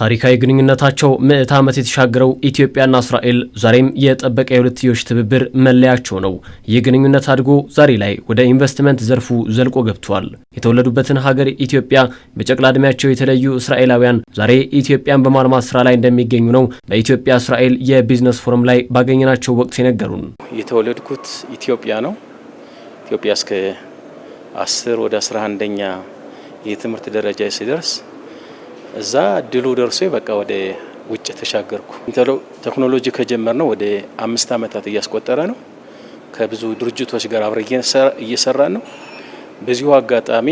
ታሪካዊ ግንኙነታቸው ምዕት ዓመት የተሻገረው ኢትዮጵያና እስራኤል ዛሬም የጠበቀ የሁለትዮሽ ትብብር መለያቸው ነው። ይህ ግንኙነት አድጎ ዛሬ ላይ ወደ ኢንቨስትመንት ዘርፉ ዘልቆ ገብቷል። የተወለዱበትን ሀገር ኢትዮጵያ በጨቅላ ዕድሜያቸው የተለዩ እስራኤላውያን ዛሬ ኢትዮጵያን በማልማት ስራ ላይ እንደሚገኙ ነው በኢትዮጵያ እስራኤል የቢዝነስ ፎረም ላይ ባገኘናቸው ወቅት የነገሩን። የተወለድኩት ኢትዮጵያ ነው። ኢትዮጵያ እስከ 10 ወደ 11ኛ የትምህርት ደረጃ ሲደርስ እዛ ድሉ ደርሶ በቃ ወደ ውጭ ተሻገርኩ። ቴክኖሎጂ ከጀመር ነው ወደ አምስት ዓመታት እያስቆጠረ ነው። ከብዙ ድርጅቶች ጋር አብረ እየሰራ ነው። በዚሁ አጋጣሚ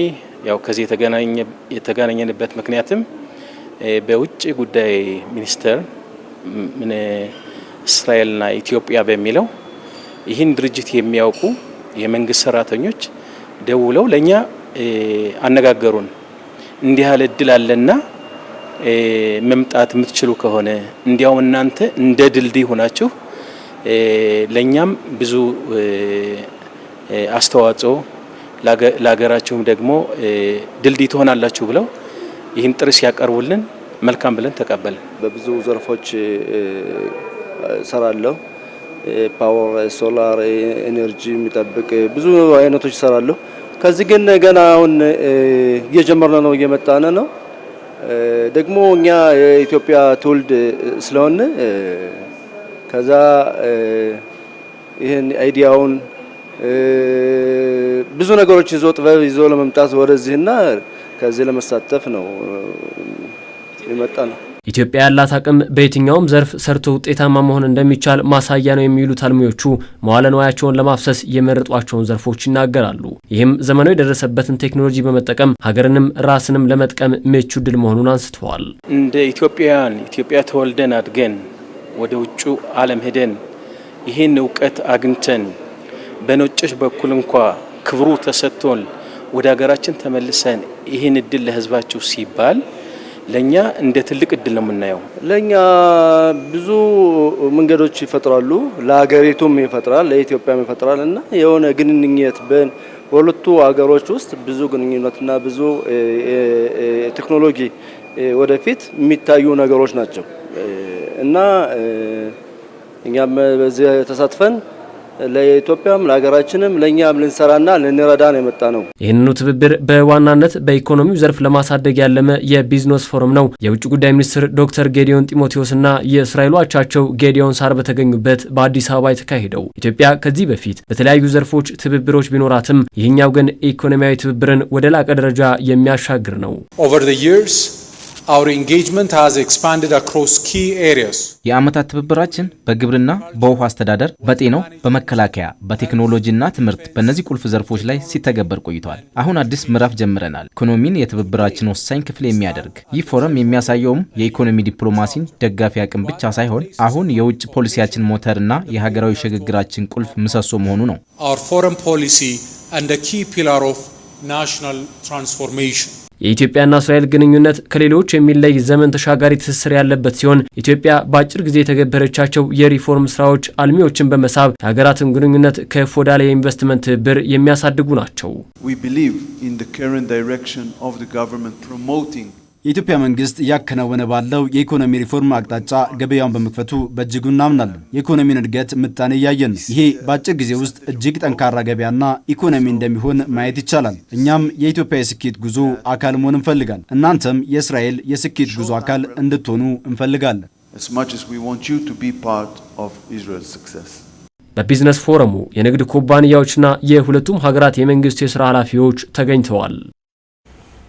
ያው ከዚህ የተገናኘንበት ምክንያትም በውጭ ጉዳይ ሚኒስቴር ምን እስራኤልና ኢትዮጵያ በሚለው ይህን ድርጅት የሚያውቁ የመንግስት ሰራተኞች ደውለው ለእኛ አነጋገሩን እንዲህ ያለ እድል አለና መምጣት የምትችሉ ከሆነ እንዲያውም እናንተ እንደ ድልድይ ሆናችሁ ለእኛም ብዙ አስተዋጽኦ ለሀገራችሁም ደግሞ ድልድይ ትሆናላችሁ ብለው ይህን ጥሪ ሲያቀርቡልን መልካም ብለን ተቀበልን። በብዙ ዘርፎች ሰራለሁ። ፓወር፣ ሶላር ኤነርጂ የሚጠብቅ ብዙ አይነቶች ሰራለሁ። ከዚህ ግን ገና አሁን እየጀመርነ ነው፣ እየመጣነ ነው። ደግሞ እኛ የኢትዮጵያ ትውልድ ስለሆነ ከዛ ይህን አይዲያውን ብዙ ነገሮች ይዞ ጥበብ ይዞ ለመምጣት ወደዚህና ከዚህ ለመሳተፍ ነው የመጣ ነው። ኢትዮጵያ ያላት አቅም በየትኛውም ዘርፍ ሰርቶ ውጤታማ መሆን እንደሚቻል ማሳያ ነው የሚሉት አልሚዎቹ መዋለ ንዋያቸውን ለማፍሰስ የመረጧቸውን ዘርፎች ይናገራሉ። ይህም ዘመኑ የደረሰበትን ቴክኖሎጂ በመጠቀም ሀገርንም ራስንም ለመጥቀም ምቹ ድል መሆኑን አንስተዋል። እንደ ኢትዮጵያውያን ኢትዮጵያ ተወልደን አድገን ወደ ውጩ ዓለም ሄደን ይህን እውቀት አግኝተን በነጮች በኩል እንኳ ክብሩ ተሰጥቶን ወደ ሀገራችን ተመልሰን ይህን እድል ለህዝባቸው ሲባል ለእኛ እንደ ትልቅ እድል ነው የምናየው። ለእኛ ብዙ መንገዶች ይፈጥራሉ፣ ለሀገሪቱም ይፈጥራል፣ ለኢትዮጵያም ይፈጥራል እና የሆነ ግንኙነት በሁለቱ ሀገሮች ውስጥ ብዙ ግንኙነትና ብዙ ቴክኖሎጂ ወደፊት የሚታዩ ነገሮች ናቸው እና እኛም በዚህ ተሳትፈን ለኢትዮጵያም ለሀገራችንም ለእኛም ልንሰራና ልንረዳ ነው የመጣ ነው። ይህንኑ ትብብር በዋናነት በኢኮኖሚው ዘርፍ ለማሳደግ ያለመ የቢዝነስ ፎረም ነው። የውጭ ጉዳይ ሚኒስትር ዶክተር ጌዲዮን ጢሞቴዎስና የእስራኤሉ አቻቸው ጌዲዮን ሳር በተገኙበት በአዲስ አበባ የተካሄደው ኢትዮጵያ ከዚህ በፊት በተለያዩ ዘርፎች ትብብሮች ቢኖራትም ይህኛው ግን ኢኮኖሚያዊ ትብብርን ወደ ላቀ ደረጃ የሚያሻግር ነው። የዓመታት ትብብራችን በግብርና፣ በውሃ አስተዳደር፣ በጤናው፣ በመከላከያ፣ በቴክኖሎጂና ትምህርት በእነዚህ ቁልፍ ዘርፎች ላይ ሲተገበር ቆይቷል። አሁን አዲስ ምዕራፍ ጀምረናል፣ ኢኮኖሚን የትብብራችን ወሳኝ ክፍል የሚያደርግ። ይህ ፎረም የሚያሳየውም የኢኮኖሚ ዲፕሎማሲን ደጋፊ አቅም ብቻ ሳይሆን አሁን የውጭ ፖሊሲያችን ሞተርና የሀገራዊ ሽግግራችን ቁልፍ ምሰሶ መሆኑ ነው። ናሽናል ትራንስፎርሜሽን የኢትዮጵያና እስራኤል ግንኙነት ከሌሎች የሚለይ ዘመን ተሻጋሪ ትስስር ያለበት ሲሆን ኢትዮጵያ በአጭር ጊዜ የተገበረቻቸው የሪፎርም ስራዎች አልሚዎችን በመሳብ የሀገራትን ግንኙነት ከፍ ወዳለ የኢንቨስትመንት ትብብር የሚያሳድጉ ናቸው። የኢትዮጵያ መንግስት እያከናወነ ባለው የኢኮኖሚ ሪፎርም አቅጣጫ ገበያውን በመክፈቱ በእጅጉ እናምናለን። የኢኮኖሚውን እድገት ምጣኔ እያየን ነው። ይሄ በአጭር ጊዜ ውስጥ እጅግ ጠንካራ ገበያና ኢኮኖሚ እንደሚሆን ማየት ይቻላል። እኛም የኢትዮጵያ የስኬት ጉዞ አካል መሆን እንፈልጋል። እናንተም የእስራኤል የስኬት ጉዞ አካል እንድትሆኑ እንፈልጋለን። በቢዝነስ ፎረሙ የንግድ ኩባንያዎችና የሁለቱም ሀገራት የመንግስት የስራ ኃላፊዎች ተገኝተዋል።